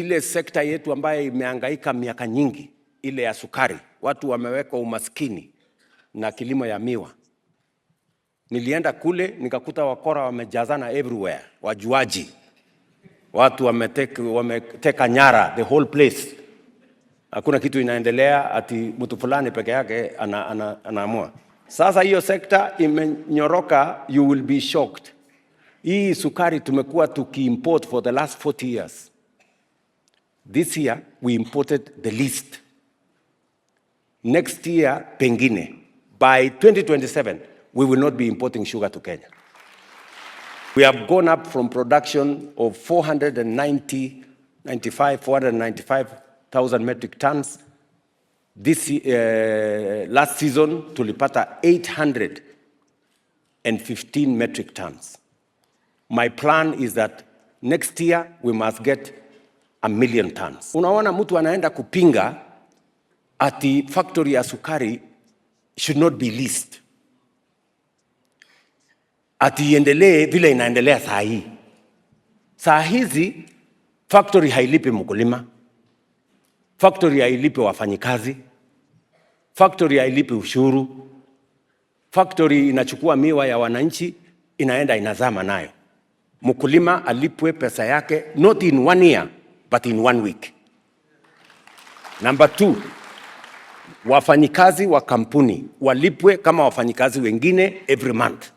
ile sekta yetu ambayo imehangaika miaka nyingi, ile ya sukari, watu wamewekwa umaskini na kilimo ya miwa. Nilienda kule nikakuta wakora wamejazana everywhere, wajuaji, watu wameteka, wameteka nyara the whole place. Hakuna kitu inaendelea, ati mtu fulani peke yake ana, ana, anaamua. Sasa hiyo sekta imenyoroka, you will be shocked. Hii sukari tumekuwa tukiimport for the last 40 years This year, we imported the least. Next year, pengine. By 2027, we will not be importing sugar to Kenya. We have gone up from production of 490, 95, 495,000 metric tons this uh, last season to Lipata 815 metric tons. My plan is that next year we must get a million tons. Unaona mtu anaenda kupinga ati factory ya sukari should not be leased, ati iendelee vile inaendelea saa hii. Saa hizi factory hailipi mkulima, factory hailipi wafanyikazi, factory hailipi ushuru, factory inachukua miwa ya wananchi inaenda inazama nayo. Mkulima alipwe pesa yake not in one year but in one week. Number two, wafanyikazi wa kampuni walipwe kama wafanyikazi wengine every month.